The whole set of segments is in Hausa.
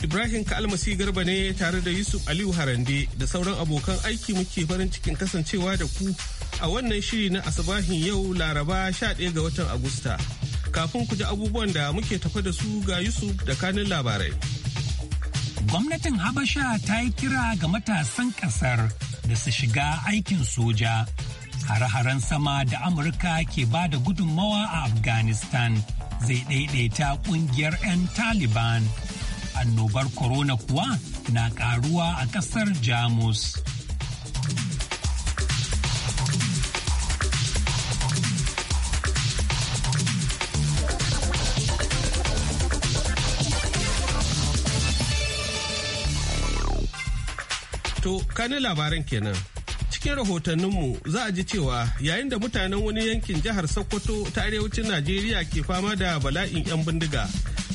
Ibrahim Kalmasi Garba ne tare da Yusuf Aliyu Harande da sauran abokan aiki muke farin cikin kasancewa da ku a wannan shiri na Asabahin yau Laraba 11 ga watan Agusta. Kafin ku ji abubuwan da muke tafa da su ga Yusuf da kanin labarai. Gwamnatin Habasha ta yi kira ga matasan ƙasar da su shiga aikin soja. Hare-haren sama da Amurka ke ba da gudunmawa a Afghanistan zai ɗaiɗaita ƙungiyar 'yan Taliban. annobar corona kuwa na karuwa a kasar jamus To, kani labaran kenan. cikin rahotanninmu za a ji cewa yayin da mutanen wani yankin jihar Sokoto ta arewacin Najeriya ke fama da bala'in 'yan bindiga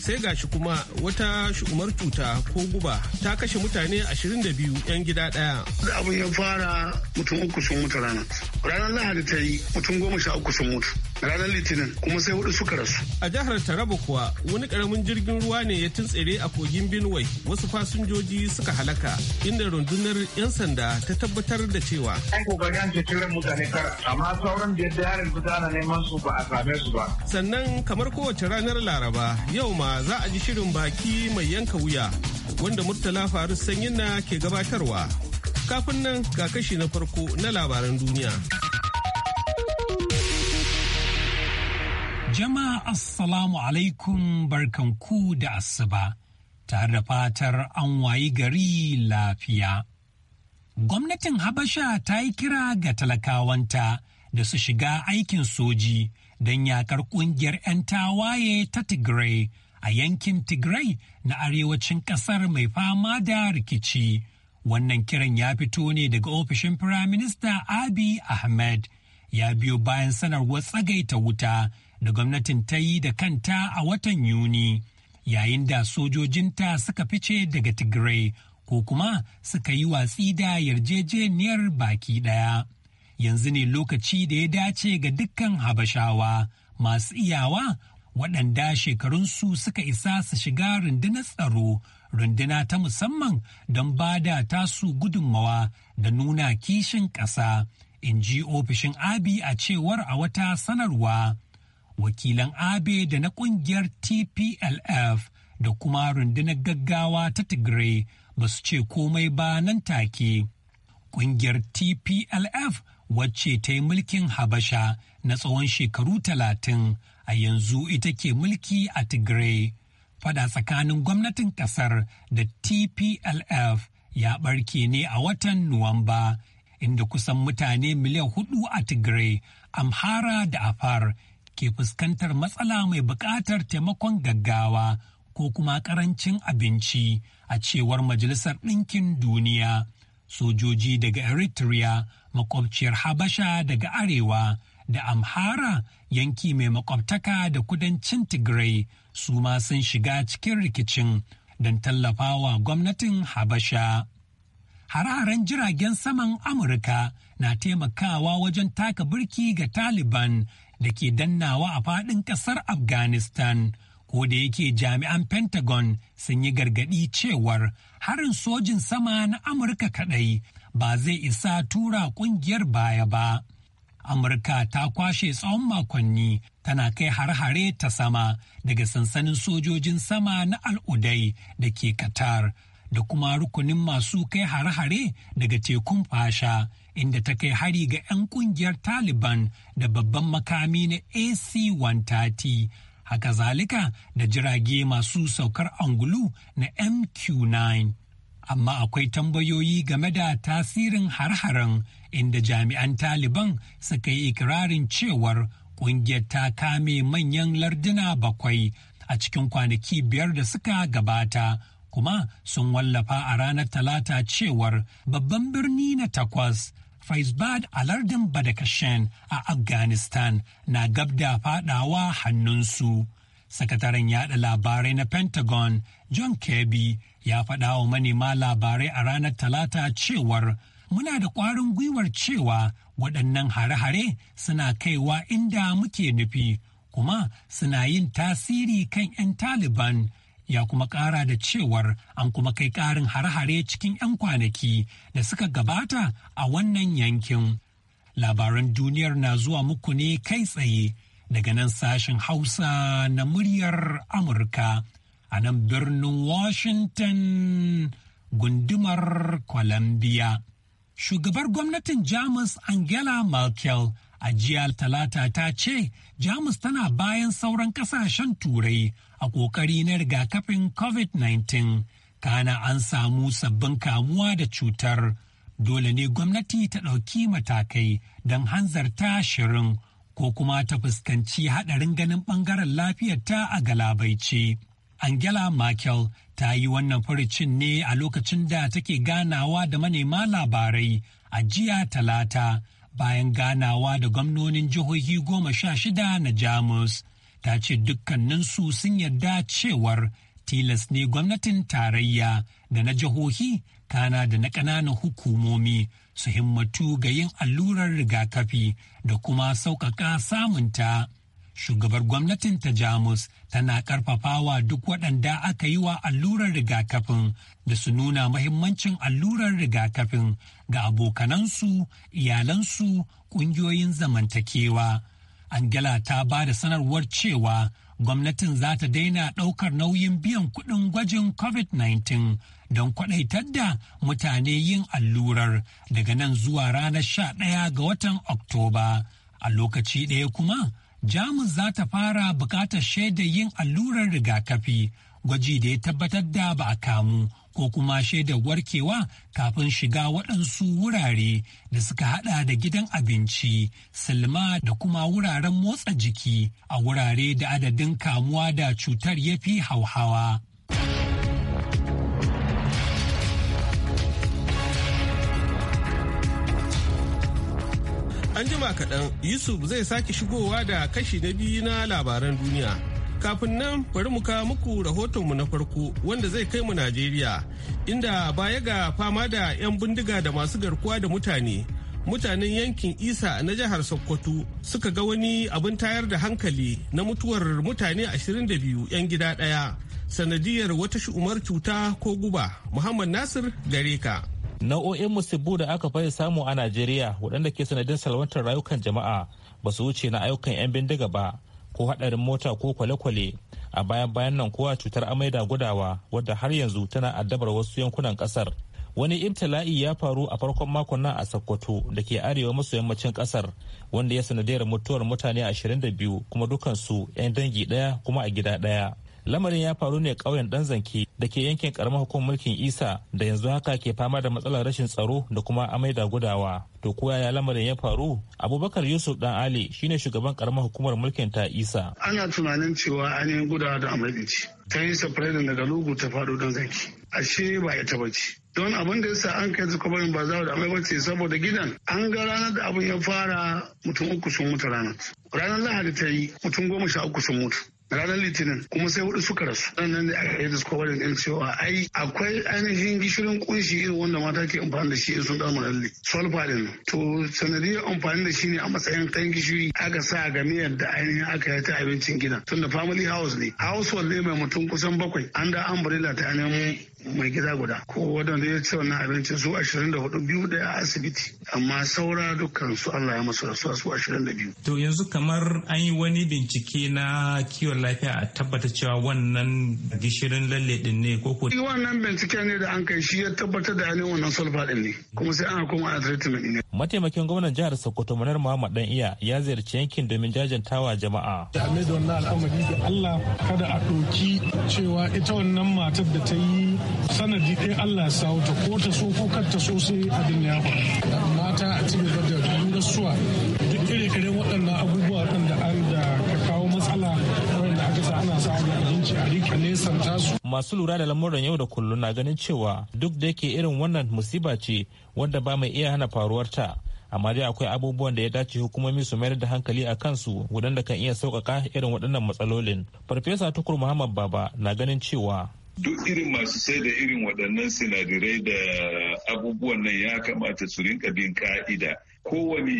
sai gashi kuma wata shugumar cuta ko guba ta kashe mutane 22 'yan gida daya. Da abin ya fara mutum uku sun mutu rana. Ranar Lahadi ta yi mutum goma sha uku sun mutu. ranar litinin kuma sai hudu suka rasu. A jihar Taraba kuwa wani karamin jirgin ruwa ne ya tuntsire a kogin Benue wasu fasinjoji suka halaka inda rundunar 'yan sanda ta tabbatar da cewa. An kokarin an ceci mutane kar amma sauran da yadda yaran fita na neman su ba a same su ba. Sannan kamar kowace ranar Laraba yau ma za a ji shirin baki mai yanka wuya wanda Murtala Faru Sanyin na ke gabatarwa. Kafin nan ga kashi na farko na labaran duniya. Jama'a Assalamu alaikum barkanku da asuba, tare da fatar an wayi gari lafiya. Gwamnatin Habasha ta yi kira ga talakawanta da su shiga aikin soji don yakar kungiyar 'yan tawaye ta Tigray a yankin Tigray na arewacin kasar mai fama da rikici. Wannan kiran ya fito ne daga ofishin Firaminista Abiy Ahmed ya biyo bayan sanarwar tsagaita wuta. da gwamnatin ta yi da kanta a watan Yuni, yayin da sojojinta suka fice daga Tigray ko kuma suka yi watsi da yarjejeniyar baki ɗaya. Yanzu ne lokaci da ya dace ga dukkan Habashawa masu iyawa waɗanda shekarunsu suka isa su shiga rundunar tsaro runduna ta musamman don ba da tasu gudunmawa da nuna kishin ƙasa in ji ofishin abi a cewar a wata sanarwa wakilan abe da na kungiyar tplf da kuma rundunar gaggawa ta tigray ba su ce komai ba nan take kungiyar tplf wacce ta yi mulkin habasha na tsawon shekaru talatin a yanzu ita ke mulki a tigray fada tsakanin gwamnatin kasar da tplf ya barke ne a watan nuwamba inda kusan mutane miliyan hudu a tigray amhara da afar ke fuskantar matsala mai buƙatar taimakon gaggawa ko kuma ƙarancin abinci a cewar Majalisar Ɗinkin Duniya. Sojoji daga Eritrea, makwabciyar Habasha daga Arewa, da Amhara yanki mai makwabtaka da kudancin Tigray su ma sun shiga cikin rikicin don tallafawa gwamnatin Habasha. Hare-haren jiragen saman Amurka na taimakawa wajen taka birki ga Taliban da ke dannawa a faɗin ƙasar afghanistan ko da yake jami'an pentagon sun yi gargaɗi cewar harin sojin sama na amurka kaɗai ba zai isa tura ƙungiyar baya ba amurka ta kwashe tsawon makonni tana kai har-hare ta sama daga sansanin sojojin sama na al'udai da ke qatar da kuma rukunin masu kai har-hare daga tekun fasha inda ta kai hari ga 'yan kungiyar Taliban da babban makami na AC-130. Haka zalika da jirage masu saukar angulu na MQ-9. Amma akwai tambayoyi game da tasirin har-haren inda jami'an Taliban suka yi ikirarin cewar kungiyar ta kame manyan larduna bakwai a cikin kwanaki biyar da suka gabata kuma sun wallafa a ranar talata cewar babban birni na takwas Faisbad a lardin Badakashen a Afghanistan na gab da fadawa hannunsu. Sakataren yada labarai na Pentagon John Kirby ya faɗa wa manema labarai a ranar Talata cewar muna da ƙwarin gwiwar cewa waɗannan hare-hare suna kaiwa inda muke nufi kuma suna yin tasiri kan 'yan Taliban. ya kuma ƙara da cewar an kuma kai ƙarin hare-hare cikin 'yan kwanaki da suka gabata a wannan yankin. Labaran duniyar na zuwa muku ne kai tsaye daga nan sashen Hausa na muryar Amurka a nan birnin Washington gundumar Columbia. Shugabar gwamnatin Jamus Angela Merkel a jiya talata ta ce jamus tana bayan sauran kasashen turai a kokari na rigakafin covid-19 kana an samu sabbin kamuwa da cutar dole ne gwamnati ta ɗauki matakai don hanzarta shirin ko kuma ta fuskanci haɗarin ganin ɓangaren lafiyarta a galabaice. Angela Merkel ta yi wannan furicin ne a lokacin da take ganawa da manema labarai a jiya talata bayan ganawa da gwamnonin jihohi goma sha shida na Jamus. Ta ce dukkaninsu sun yarda cewar tilas ne gwamnatin tarayya da na jihohi kana da na ƙananan hukumomi su himmatu ga yin allurar rigakafi da kuma sauƙaƙa samunta. shugabar gwamnatin ta jamus tana karfafawa duk waɗanda aka yi wa allurar rigakafin da su nuna mahimmancin allurar rigakafin ga abokanansu iyalansu ƙungiyoyin zamantakewa angela ta ba da sanarwar cewa gwamnatin za ta daina ɗaukar nauyin biyan kuɗin gwajin covid-19 don kwaɗaitar da mutane yin allurar daga nan zuwa ranar 11 ga watan oktoba a lokaci ɗaya kuma Jamus za ta fara bukatar shaidar yin allurar rigakafi gwaji da ya tabbatar da ba a kamu ko kuma shaidar warkewa kafin shiga waɗansu wurare da suka hada da gidan abinci, silma da kuma wuraren motsa jiki a wurare da adadin kamuwa da cutar ya fi hauhawa. An jima kaɗan Yusuf zai sake shigowa da kashi na biyu na labaran duniya. Kafin nan bari mu ka muku rahoton mu na farko wanda zai kai mu Najeriya inda baya ga fama da 'yan bindiga da masu garkuwa da mutane. Mutanen yankin Isa na jihar Sokoto suka ga wani abin tayar da hankali na mutuwar mutane 22 'yan gida daya sanadiyar wata shi'umar cuta ko guba. Muhammad Nasir gare ka. nau'o'in musibu da aka fara samu a najeriya waɗanda ke sanadin salwantar rayukan jama'a ba su wuce na ayyukan 'yan bindiga ba ko haɗarin mota ko kwale-kwale a bayan bayan nan kowa cutar amai da gudawa wadda har yanzu tana addabar wasu yankunan ƙasar wani ibtila'i ya faru a farkon makon nan a sokoto da ke arewa maso yammacin ƙasar wanda ya sanadiyar mutuwar mutane ashirin da biyu kuma dukansu 'yan dangi ɗaya kuma a gida ɗaya lamarin ya faru ne ƙauyen dan zanke da ke yankin karamar hukumar mulkin isa da yanzu haka ke fama da matsalar rashin tsaro da kuma amai da gudawa to ko ya lamarin ya faru abubakar yusuf dan ali shine shugaban karamar hukumar mulkin ta isa ana tunanin cewa an yi gudawa da amai ce ta yi safarin daga lugu ta faɗo dan zanki ashe ba ita ba ce don abin da yasa an kai kwabarin ba za da amai bace saboda gidan an ga ranar da abin ya fara mutum uku sun mutu ranar ranar lahadi ta yi mutum goma sha uku sun mutu ranar litinin kuma sai hudu suka rasu sannan da aka yi wajen yan cewa ai akwai ainihin gishirin kunshi irin wanda mata ke amfani da shi in sun damu lalle sulfa din to sanadiyar amfani da shi ne a matsayin kan gishiri aka sa ga miyar da ainihin aka yi ta abincin gida tunda family house ne household ne mai mutum kusan bakwai an da umbrella ta ainihin mai gida guda ko wadanda ya ci wannan abincin su 24 biyu daya a asibiti amma saura dukkan su Allah ya masu rasuwa su 22 to yanzu kamar an yi wani bincike na kiwon lafiya a tabbata cewa wannan gishirin lalle din ne ko ko wannan bincike ne da an kai shi ya tabbatar da ainihin wannan sulfa din ne kuma sai ana koma a treatment ne mataimakin gwamnan jihar Sokoto Manar Muhammad Dan Iya ya ziyarci yankin domin jajantawa jama'a da wannan al'amari da Allah kada a ɗauki cewa ita wannan matar da ta yi sanadi ɗaya Allah ya sawo ta ko ta so ko kar ta so sai abin ya faru mata a cikin gaddar da durasuwa duk ire-iren waɗannan abubuwa waɗanda an da ka kawo matsala waɗanda aka sa ana sa abinci a rika nesan tasu masu lura da lamuran yau da kullum na ganin cewa duk da yake irin wannan musiba ce wanda ba mai iya hana faruwarta amma dai akwai abubuwan da ya dace hukumomi su mayar da hankali a kansu wadanda kan iya sauƙaƙa irin waɗannan matsalolin farfesa tukur muhammad baba na ganin cewa duk irin masu sai da irin waɗannan sinadirai da abubuwan nan ya kamata su rinka bin ka'ida kowane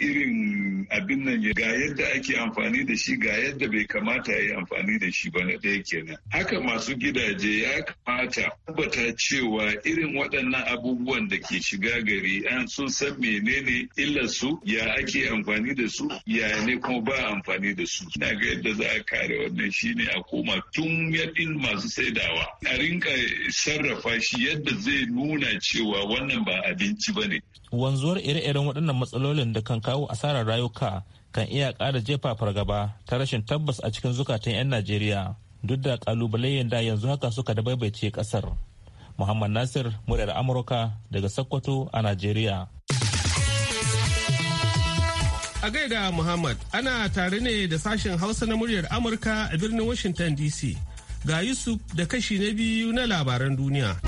irin abin nan ga yadda ake amfani da shi ga yadda bai kamata ya yi amfani da shi ba na ɗaya kenan haka masu gidaje ya kamata tabbata cewa irin waɗannan abubuwan da ke shiga gari an sun san menene illar su ya ake amfani da su ya ne kuma ba amfani da su na ga yadda za a kare wannan shine a koma tun yadin masu saidawa a rinka sarrafa shi yadda zai nuna cewa wannan ba abinci ba ne wanzuwar ire-iren waɗannan waɗannan matsalolin da kan kawo asarar rayuka kan iya ƙara jefa fargaba ta rashin tabbas a cikin zukatan 'yan najeriya duk da ƙalubale da yanzu haka suka da baibaice ƙasar muhammad nasir muryar amurka daga sokoto a najeriya a gaida muhammad ana tare ne da sashen hausa na muryar amurka a birnin washington dc ga yusuf da kashi na biyu na labaran duniya.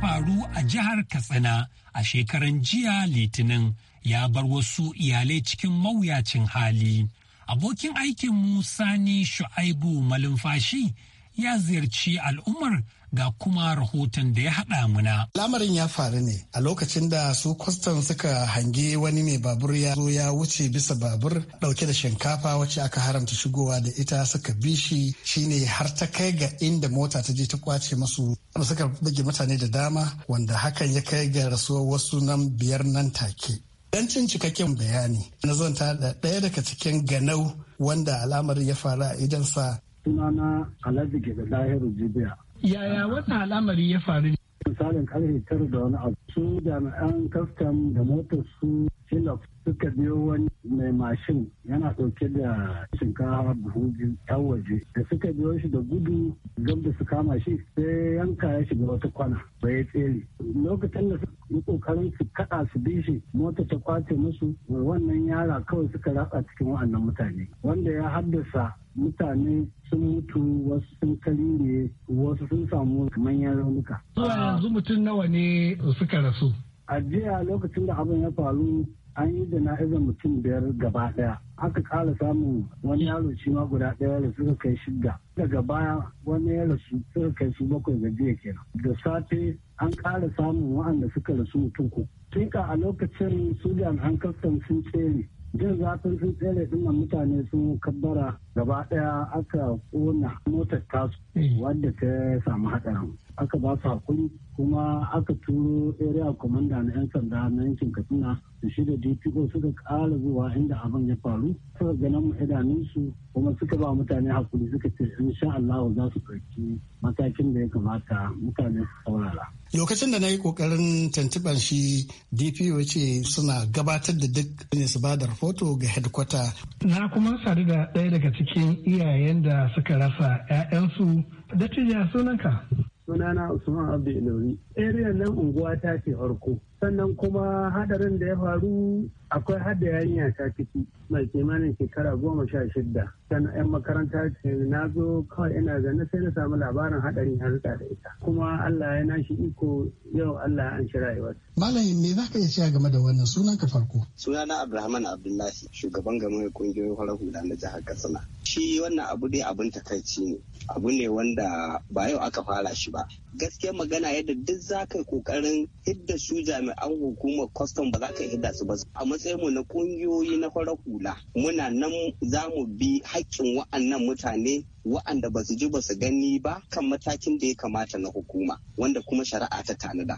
faru a jihar Katsina a shekaran jiya Litinin ya bar wasu iyalai cikin mawuyacin hali. Abokin aikin Sani Shu'aibu Malumfashi ya ziyarci al'ummar ga kuma rahoton da ya haɗa muna. Lamarin ya faru ne a lokacin da su kwastan suka hange wani mai babur ya zo ya wuce bisa babur ɗauke da shinkafa wacce aka haramta shigowa da ita suka bi shi shine har ta kai ga inda mota ta je ta kwace masu suka buge mutane da dama wanda hakan ya kai ga rasuwar wasu nan biyar nan take. Dan cin cikakken bayani na zanta da ɗaya daga cikin ganau wanda alamar ya faru a idansa. Sunana Alhaji Gida Lahiru Jibiya Yaya wannan al'amari ya faru? Misalin karfe tara da wani abu su jami'an kastam da motar su silok suka biyo wani mai mashin yana ɗauke da shinkafa buhu biyu waje da suka biyo shi da gudu gab da su kama shi sai yanka ya shiga wata kwana bai ya tsere lokacin da yi kokarin su kaɗa su bi shi mota ta kwace musu wannan yara kawai suka ratsa cikin wa'annan mutane wanda ya haddasa mutane sun mutu wasu sun ne wasu sun samu manyan raunuka. Zuwa yanzu mutum nawa ne suka rasu? a jiya lokacin da abin ya faru an yi jana'izar mutum biyar gaba daya aka kara samun wani yaro shi ma guda daya da suka kai shida daga baya wani ya rasu suka kai su bakwai ga jiya kenan da safe an kara samun wa'anda suka rasu mutum ko tuka a lokacin su jami'an kastam sun tsere jin zafin sun tsere nan mutane sun kabbara gaba daya aka kona motar tasu eh. wadda ta samu hatsarin aka ba su hakuri kuma aka turo area commander na 'yan sanda na yankin katsina da shi da dpo suka ƙara zuwa inda abin ya faru suka ganin mu idanunsu kuma suka ba mutane hakuri suka ce in sha Allah za su ɗauki matakin da ya kamata mutane su saurara. lokacin da na yi kokarin tantiban shi dpo ce suna gabatar da duk ne su ba da rahoto ga headquarter na kuma sadu da ɗaya daga cikin iyayen da suka rasa 'ya'yansu dattijo sunanka sunana usman abdu ilawi area nan unguwa ta ce farko sannan kuma hadarin da ya faru akwai hada yarinya ta ciki mai kimanin shekara goma sha shida sannan yan makaranta na zo kawai ina zane sai na samu labarin hadarin har da ita kuma allah ya nashi iko yau allah an shi rayuwar malayin me za ka iya cewa game da wannan sunan ka farko sunana abrahaman abdullahi shugaban game kungiyoyin farar hula na jihar katsina shi wannan abu dai abin takaici ne abu ne wanda ba yau aka fara shi ba gaskiya magana yadda duk za ka kokarin hidda su jami'an jami'an hukumar kwastam ba za ka su ba a matsayinmu na kungiyoyi na fara hula muna nan za mu bi haƙƙin wa'annan mutane wa'anda ba su ji ba su gani ba kan matakin da ya kamata na hukuma wanda kuma shari'a ta tanada.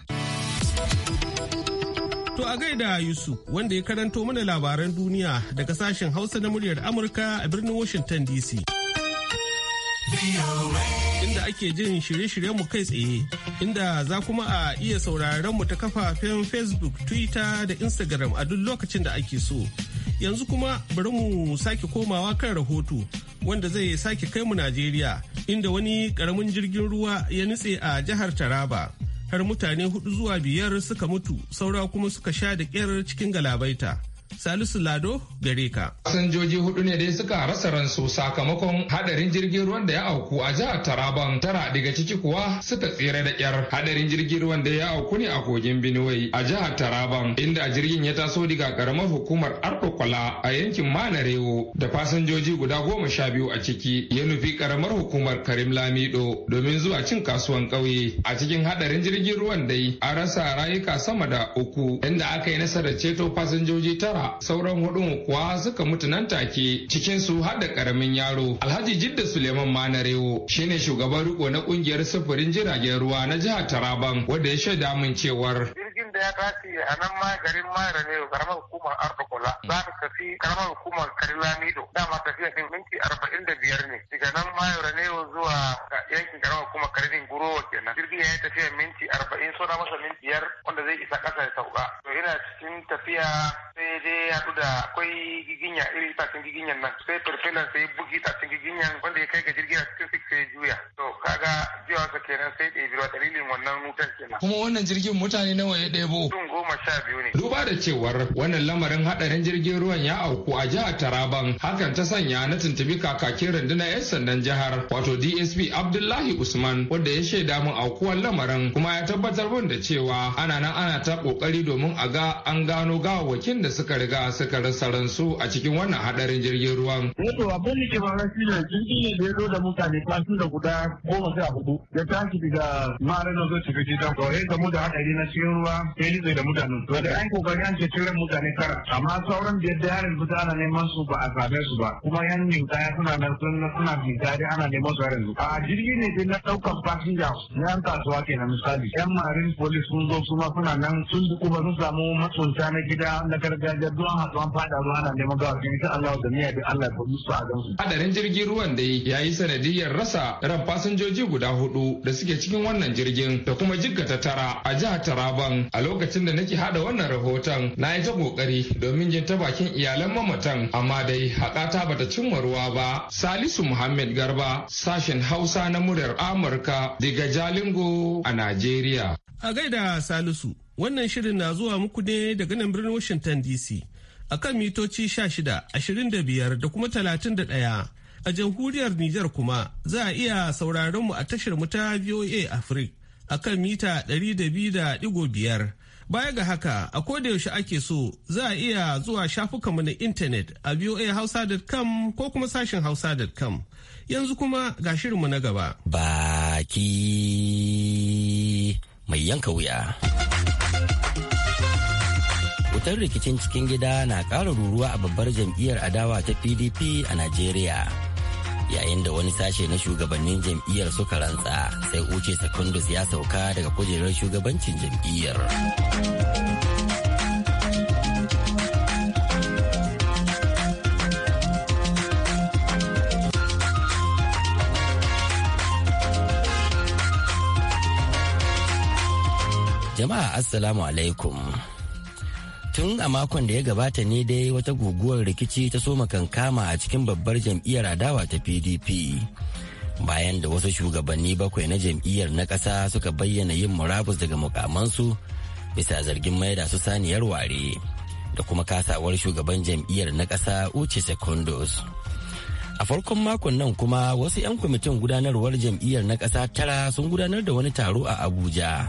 To a gaida Yusuf wanda ya karanto mana labaran duniya daga sashen Hausa na muryar Amurka a birnin Washington DC. ake jin shirye-shiryen mu kai tsaye inda za kuma a iya sauraron mu ta kafafen facebook twitter da instagram a duk lokacin da ake so yanzu kuma bari mu sake komawa kan rahoto wanda zai sake kai mu najeriya inda wani karamin jirgin ruwa ya nutse a jihar taraba har mutane hudu zuwa biyar suka mutu saura kuma suka sha da kyar cikin galabaita Salisu Lado gare ka. Fasinjoji hudu ne dai suka rasa ransu sakamakon hadarin jirgin ruwan da ya auku a jihar Taraban tara daga ciki kuwa suka tsere da kyar. Hadarin jirgin ruwan da ya auku ne a kogin Benue a jihar Taraban inda jirgin ya taso daga karamar hukumar Arkokola a yankin Manarewo da fasinjoji guda goma sha biyu a ciki ya nufi karamar hukumar Karim Lamido domin zuwa cin kasuwan ƙauye. A cikin hadarin jirgin ruwan dai an rasa rayuka sama da uku inda aka yi nasarar ceto fasinjoji tara Sauran hudun kuwa suka mutu nan take cikin su har da karamin yaro. Alhaji Jidda Suleiman Manarewo shine shugaban riko na kungiyar sufurin jiragen ruwa na jihar Taraban wanda ya shaida min cewar jirgin da ya tashi a nan ma garin Mayra karamar hukumar Arbakola hmm. za ta tafi karamar hukumar Karilamido dama tafiya ne minti arba'in da biyar ne daga nan Mayra ne zuwa yankin karamar hukumar Karilin Gurowa kenan jirgin ya yi tafiya minti arba'in so na masa minti biyar wanda zai isa ƙasa ya sauka to ina cikin tafiya sai dai sai ya haɗu da akwai giginya iri tafin giginyan nan sai farfelan sai bugi tafin giginyan wanda ya kai ga jirgin a cikin sik sai juya to kaga jiwa sa kenan sai ɗebi ruwa dalilin wannan wutar kenan. kuma wannan jirgin mutane nawa ya ɗebo. mutum goma sha biyu ne. Duba da cewar wannan lamarin haɗarin jirgin ruwan ya auku a jihar Taraban hakan ta sanya na tuntubi kakakin rundunar 'yan sandan jihar wato DSP Abdullahi Usman wanda ya shaida mun aukuwar lamarin kuma ya tabbatar mun da cewa ana nan ana ta kokari domin a ga an gano gawawwakin da suka riga suka rasa ransu a cikin wannan haɗarin jirgin ruwan. Wato eh abin da ke faruwa shi ne jirgin ne da ya zo da mutane fasin da guda goma sha hudu ya tashi daga mara na zo tafi ta ya da da haɗari na cikin ruwa sai ni da mutane. idanu to da an kokari an cire mutane tara amma sauran biyar da yaran ana neman su ba a same su ba kuma yan ninka ya suna nan sun suna fita dai ana neman su yanzu a jirgi ne dai na daukan fasinja na yan kasuwa kenan misali yan marin police sun zo su ma suna nan sun duku ba sun samu masunta na gida na gargajiya an hatsuwan fada ruwa ana neman gawa sun ta Allah da miya da Allah ba su a gansu hadarin jirgin ruwan dai yi sanadiyar rasa ran fasinjoji guda hudu da suke cikin wannan jirgin da kuma jikkata tara a jihar Taraban a lokacin da na nake hada wannan rahoton na yi ta kokari domin jin ta bakin iyalan mamatan amma dai haƙata bata cimma ruwa ba salisu muhammad garba sashen hausa na muryar amurka daga jalingo a nigeria. a gaida salisu wannan shirin na zuwa muku ne daga nan birnin washington dc akan mitoci 16 25 da kuma talatin da 31 a jamhuriyar Nijar kuma za a iya sauraron mu a tashar mu ta VOA Africa akan mita 200.5 Baya ga haka, a yaushe ake so za a iya zuwa shafukanmu na intanet a voahausa.com ko kuma sashin hausa.com. Yanzu kuma ga shirinmu na gaba. Baki mai yanka wuya. Wutar rikicin cikin gida na ƙara ruruwa a babbar jam'iyyar adawa ta PDP a Najeriya. yayin da wani sashe na shugabannin jam'iyyar suka rantsa sai uce secondus ya sauka daga kujerar shugabancin jam'iyyar jama'a assalamu alaikum tun a makon da ya gabata ne dai wata guguwar rikici ta soma kankama a cikin babbar jam'iyyar adawa ta pdp bayan da wasu shugabanni bakwai na jam'iyyar na ƙasa suka bayyana yin murabus daga mukamansu bisa zargin maida su saniyar ware da kuma kasawar shugaban jam'iyyar na ƙasa uche secondos a farkon makon nan kuma wasu 'yan kwamitin gudanarwar jam'iyyar na ƙasa tara sun gudanar da wani taro a abuja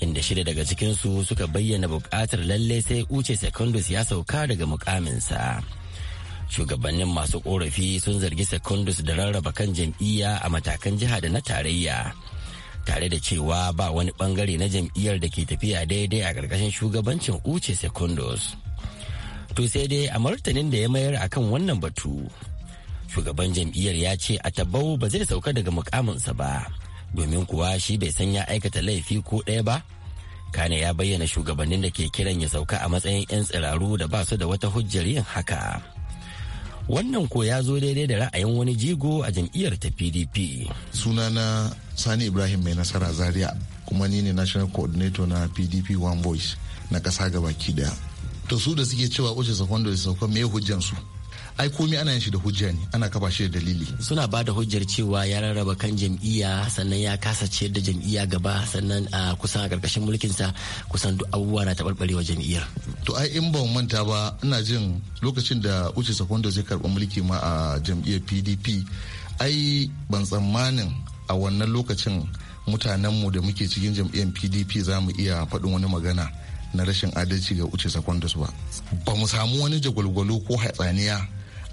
inda shida daga cikinsu suka bayyana buƙatar lalle sai uce secondus ya sauka daga mukaminsa shugabannin masu ƙorafi sun zargi secondus da rarraba kan jam'iyya a matakan jiha da na tarayya tare da cewa ba wani bangare na jam'iyyar da ke tafiya daidai a ƙarƙashin shugabancin uce secondus to sai dai a martanin da ya mayar akan wannan batu shugaban jam'iyyar ya ce a tabbau ba zai sauka daga mukaminsa ba domin kuwa shi bai san ya aikata laifi ko ɗaya ba kane ya bayyana shugabannin da ke kiran ya sauka a matsayin 'yan tsiraru da ba su da wata hujjar yin haka wannan ko ya zo daidai da ra'ayin wani jigo a jam'iyyar ta pdp sunana sani ibrahim mai nasara zaria kuma ni ne national coordinator na pdp one voice na ƙasa ki daya to su da suke cewa ushe sakwando da sauka me hujjansu su ai komai ana yin shi da hujja ne ana kafa shi da dalili suna ba da hujjar cewa ya rarraba kan jam'iyya sannan ya kasa ciyar da jam'iyya gaba sannan a kusan karkashin mulkin sa kusan duk abubuwa na taɓarɓarewa jam'iyyar to ai in ban manta ba ina jin lokacin da uche sakwando zai karɓi mulki ma a jam'iyyar pdp ai ban tsammanin a wannan lokacin mutanenmu da muke cikin jam'iyyar pdp za mu iya faɗin wani magana na rashin adalci ga uce sakwandus ba ba mu samu wani jagwalgwalo ko hatsaniya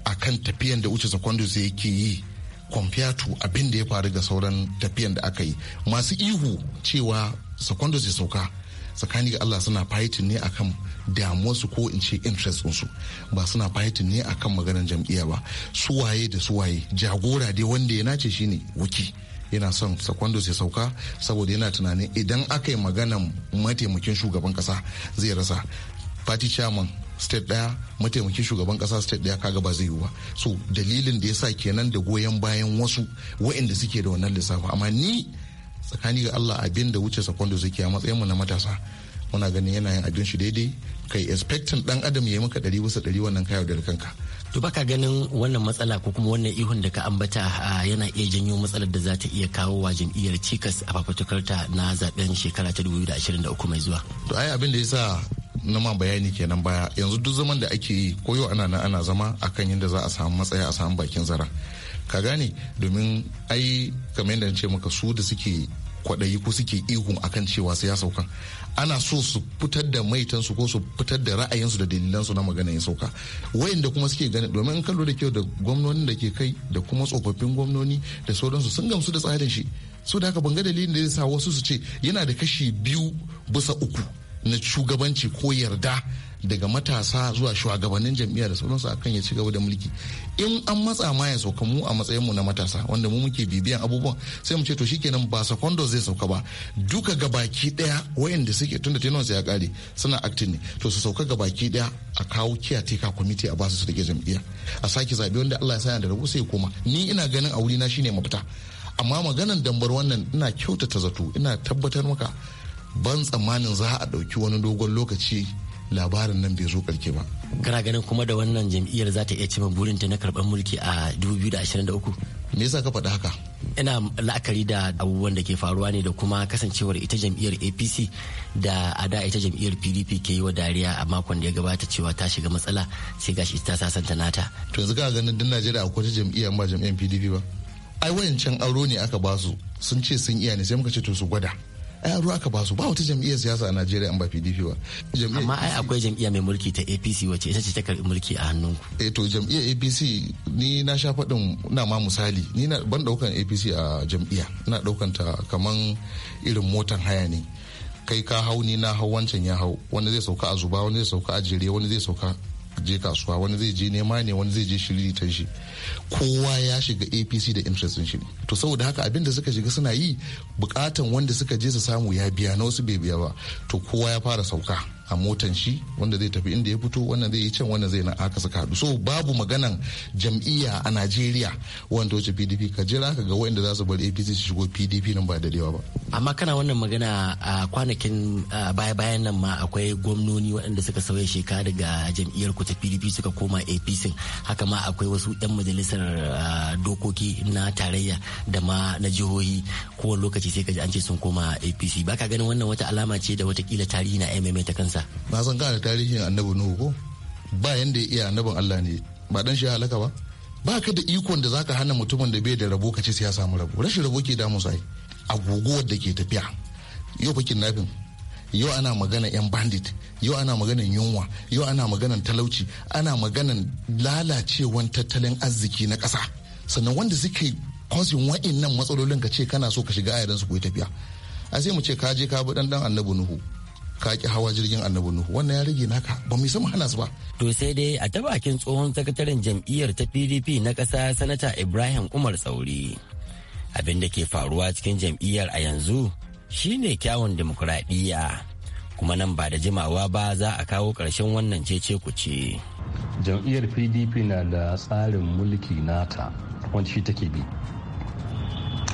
akan tafiyan da wuce secondus yake yi kwamfiyatu abin da ya faru ga sauran tafiyan da aka yi masu ihu cewa secondus ya sauka tsakani ga Allah suna fayitin ne akan damuwarsu ko in ce interest su ba suna fayitin ne akan maganar jam'iyya ba suwaye da suwaye jagora dai wanda ya nace shine wuki yana son sakwando sai sauka saboda yana tunanin idan aka yi maganan mataimakin shugaban kasa zai rasa party chairman state daya mataimakin shugaban kasa state daya kaga ba zai yi ba so dalilin da ya yasa kenan da goyon bayan wasu waɗanda suke da wannan lissafi amma ni tsakani ga Allah abin da wuce sakondo suke a matsayinmu na matasa muna ganin yana yin abin shi daidai kai expecting dan adam ya yi maka ɗari bisa ɗari wannan kayo da kanka to baka ganin wannan matsala ko kuma wannan ihun da ka ambata yana iya janyo matsalar da za ta iya kawo wa jam'iyyar cikas a fatukarta na zaben shekara ta 2023 mai zuwa to ai abin da yasa na ma bayani kenan baya yanzu duk zaman da ake yi koyo ana nan ana zama akan yadda za a samu matsaya a samu bakin zara ka gane domin ai kamar yadda ce maka su da suke kwaɗayi ko suke ihu akan cewa sai ya sauka ana so su fitar da maitansu ko su fitar da ra'ayinsu da dalilansu na magana ya sauka wayanda kuma suke gani domin in kallo da kyau da gwamnonin da ke kai da kuma tsofaffin gwamnoni da sauransu sun gamsu da tsarin shi so da haka ban ga dalilin da zai sa wasu su ce yana da kashi biyu bisa uku na shugabanci ko yarda daga matasa zuwa shugabannin jam'iyya da sauransu akan ya ci gaba da mulki in an matsa ma ya sauka mu a matsayin mu na matasa wanda mu muke bibiyan abubuwan sai mu ce to shikenan ba secondo zai sauka ba duka gabaki daya wayanda suke tunda tenon ya kare suna acting ne to su sauka gabaki daya a kawo kiya teka kwamiti a basu su rike jam'iyya a sake zabe wanda Allah ya sa da rabu sai koma ni ina ganin a wuri na shine mafita amma maganan dambar wannan ina kyautata zato ina tabbatar maka ban tsammanin za a ɗauki wani dogon lokaci labarin nan bai zo karke ba. Kana ganin kuma da wannan jam'iyyar za ta iya cimma burinta na karɓar mulki a 2023? Me yasa ka faɗi haka? Ina la'akari da abubuwan da ke faruwa ne da kuma kasancewar ita jam'iyyar APC da a da ita jam'iyyar PDP ke yi wa dariya a makon da ya gabata cewa ta shiga matsala sai gashi ta sasanta nata. To yanzu ka ganin duk Najeriya akwai ta jam'iyyar ba jam'iyyar PDP ba. Ai wayancan aro ne aka basu sun ce sun iya ne sai muka ce to su gwada. ya ruwa ka basu ba wata jam'iyyar siyasa a Najeriya an ba PDP ba amma ai akwai jam'iyya mai mulki ta APC wacce ita ce ta karbi mulki a hannunku eh to jam'iyyar APC ni na sha faɗin na ma misali ni na ban ɗaukan APC a jam'iyya na daukan ta kaman irin motan haya ne kai ka hau ni na hau wancan ya hau wani zai sauka a zuba wani zai sauka a jere wani zai sauka je kasuwa wani zai je nema ne wani zai je shiri ta shi kowa ya shiga apc da interest din shi to saboda haka abin da suka shiga suna yi bukatan wanda suka je su samu ya biya na wasu bai biya ba to kowa ya fara sauka a motan shi wanda zai tafi inda ya fito wannan zai yi can wannan zai na aka saka hadu so babu maganan jam'iyya a najeriya wanda wace pdp ka jira ka ga wanda za su bar apc su shigo pdp nan ba da ba amma kana wannan magana a kwanakin baya bayan nan ma akwai gwamnoni waɗanda suka sauya shekara daga jam'iyyar ku ta pdp suka koma apc haka ma akwai wasu 'yan majalisar dokoki na tarayya da ma na jihohi kowane lokaci sai ka ji an ce sun koma apc baka ganin wannan wata alama ce da watakila tarihi na mma ta kansa kisa na san kana tarihin annabi nuhu ko ba yanda iya annabin Allah ne ba dan shi halaka ba ba ka da ikon da zaka hana mutumin da bai da rabo ka ce sai ya samu rabo rashin rabo ke damu sai Agogowar da ke tafiya yau fakin nafin yau ana magana 'yan bandit yau ana magana yunwa yau ana magana talauci ana magana lalacewan tattalin arziki na ƙasa sannan wanda suke kwasin wa'in nan matsalolin ka ce kana so ka shiga ayyadansu ko tafiya a sai mu ce ka je ka bi dan dan annabi nuhu ka ki hawa jirgin annabi nuhu wannan ya rage naka ba mu san hana su ba to sai dai a ta bakin tsohon sakataren jam'iyyar ta PDP na ƙasa sanata Ibrahim Umar Sauri abin da ke faruwa cikin jam'iyyar a yanzu shine kyawun dimokuraɗiyya kuma nan ba da jimawa ba za a kawo ƙarshen wannan cece kuce jam'iyyar pdp na da tsarin mulki nata wanda shi take bi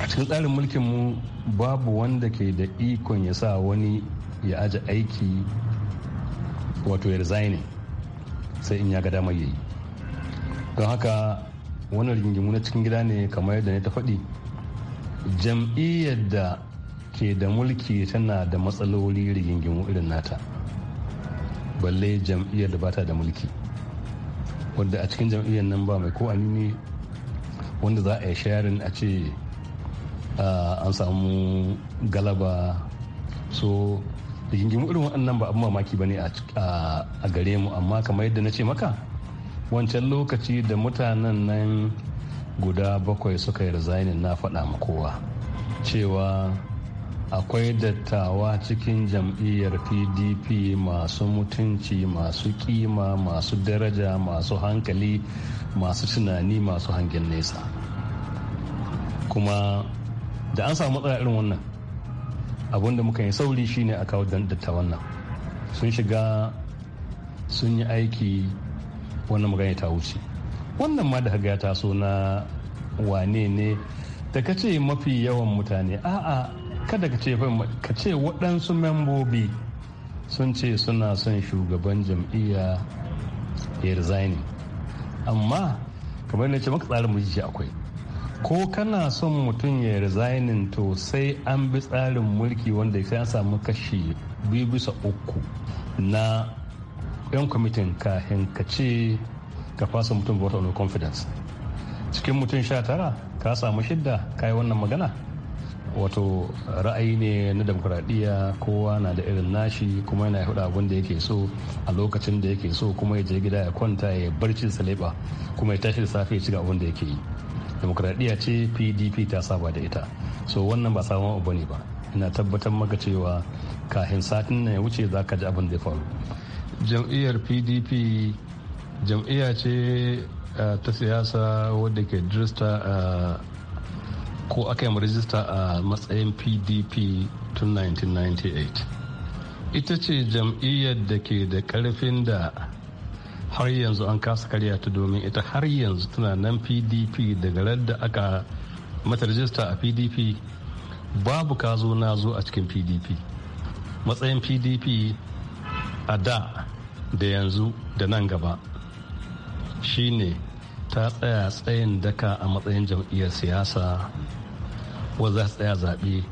a cikin tsarin mulkinmu babu wanda ke da ikon ya sa wani ya aji aiki wato ya sai in ya ga damar yi don haka wannan rigingimu na cikin gida ne kamar yadda ne ta faɗi jam'iyyar da ke da mulki tana da matsaloli rigingimu irin nata balle jam'iyyar da bata da mulki wadda a cikin jam'iyyar nan ba mai ko amini wanda za a yi sharing a ce ah, an samu galaba so rigingimu irin waɗannan ba abin mamaki ba ne a gare mu amma kamar yadda na ce maka wancan lokaci da mutanen nan guda bakwai suka yi rizainin na faɗa ma kowa cewa akwai dattawa cikin jam'iyyar pdp masu mutunci masu kima masu daraja masu hankali masu tunani masu hangen nesa kuma da an samu matsala irin wannan abun da muka yi sauri shine a kawo dattawan nan sun shiga sun yi aiki wannan magana ta wuce wannan ma da haga ya taso na wane ne da ka ce mafi yawan mutane a'a kada ka ce ka ce waɗansu membobi sun ce suna son shugaban jam'iyya ya resigning amma kamar ne ce maka tsarin mujiji akwai ko kana son mutum ya resignin to sai an bi tsarin mulki wanda sai an samu kashi biyu bisa uku na 'yan kwamitin kahin ka ce ka fasa mutum vote of confidence cikin mutum sha tara ka samu shidda ka yi wannan magana wato ra'ayi ne na demokuraɗiyya kowa na da irin nashi kuma yana hudu abin da yake so a lokacin da yake so kuma ya je gida ya kwanta ya bar cin leɓa kuma ya tashi da safe ya ci abin da yake yi demokradiyya ce pdp ta saba da ita so wannan ba sabon abu ne ba ina tabbatar maka cewa kafin satin na ya wuce za ka ji abin da zai faru jam'iyyar pdp jam'iyya ce eh, ta siyasa wadda ke drista eh, ko aka yi rajista a matsayin pdp tun 1998 ita ce jam'iyyar da ke da karfin da har yanzu an kasa karya ta domin ita har yanzu tana nan pdp daga da aka mata rajista a pdp babu kazo na zo a cikin pdp matsayin pdp a da da yanzu da nan gaba shine ta tsaya tsayin daka a matsayin jam'iyyar siyasa wadda za tsaya zaɓe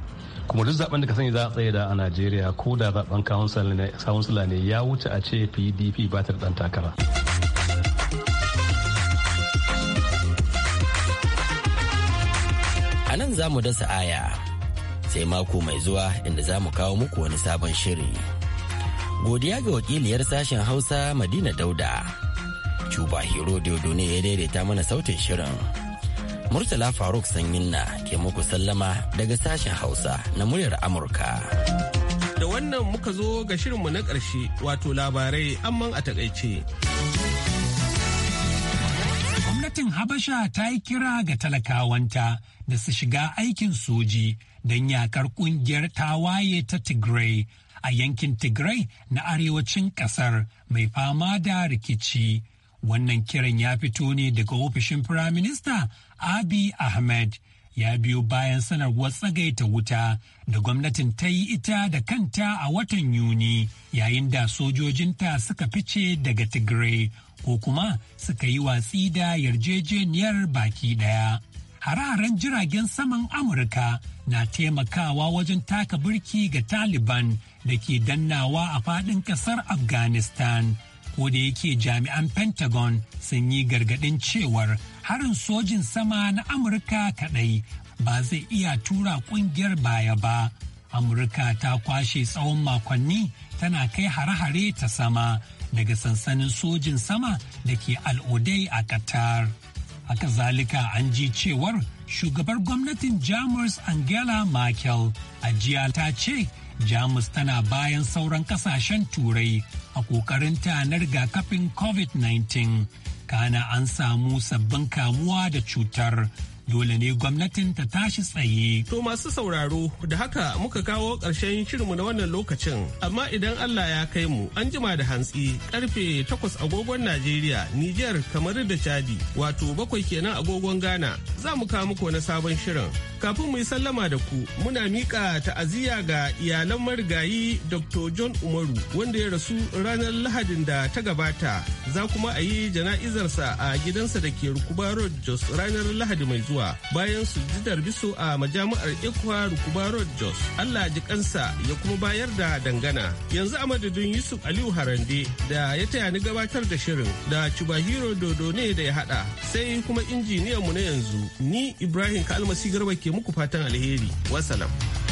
kuma duk zaben da ka sani za a tsaye da a najeriya ko da zaben kawunsula ne ya wuce a ce pdp ba ta dan takara a nan za mu dasa aya sai mako mai zuwa inda za mu kawo muku wani sabon shiri godiya ga wakiliyar sashen hausa madina dauda cuba hero ne ya daidaita mana sautin shirin Murtala Faruk Sanyinna ke muku sallama daga sashen Hausa na muryar Amurka. Da wannan muka zo ga shirinmu na ƙarshe wato labarai amman a takaice. Gwamnatin Habasha ta yi kira ga talakawanta da su shiga aikin soji don yakar kungiyar tawaye ta Tigray a yankin Tigray na arewacin ƙasar mai fama da rikici. Wannan kiran ya fito ne daga ofishin Firaminista abi Ahmed ya biyo bayan sanarwar tsagaita wuta da gwamnatin ta yi ita da kanta a watan Yuni yayin da sojojinta suka fice daga Tigray ko kuma suka yi watsi da yarjejeniyar baki daya. Hararen jiragen saman Amurka na taimakawa wajen taka birki ga Taliban da ke dannawa a faɗin ƙasar Afghanistan. ko da yake jami'an pentagon sun yi gargaɗin cewar harin sojin sama na amurka kadai ba zai iya tura ƙungiyar baya ba amurka ta kwashe tsawon makonni tana kai hare-hare ta sama daga sansanin sojin sama da ke al'odai a qatar haka zalika an ji cewar shugabar gwamnatin jamus angela merkel a jiya ta ce jamus tana bayan sauran kasashen turai a ta na rigakafin covid-19 kana an samu sabbin kamuwa da cutar dole ne gwamnatin ta tashi tsaye. To masu sauraro da haka muka kawo ƙarshen shirinmu na wannan lokacin amma idan Allah ya kai mu an jima da hantsi karfe takwas agogon Najeriya Nijar kamar da Chadi wato bakwai kenan agogon Ghana za mu kawo muku wani sabon shirin. Kafin mu yi sallama da ku muna miƙa ta'aziyya ga iyalan marigayi Dr. John Umaru wanda ya rasu ranar Lahadin da ta gabata za kuma a yi jana'izarsa a gidansa da ke Rukuba Road Jos ranar Lahadi mai zuwa. mutuwa bayan sujidar biso a majami'ar Ikwa Rukubaro Jos. Allah ji kansa ya kuma bayar da dangana. Yanzu a madadin Yusuf Aliyu Harande da ya taya ni gabatar da shirin da Chubahiro Dodo ne da ya hada. Sai kuma injiniyan mu na yanzu ni Ibrahim Kalmasi Garba ke muku fatan alheri. Wasalam.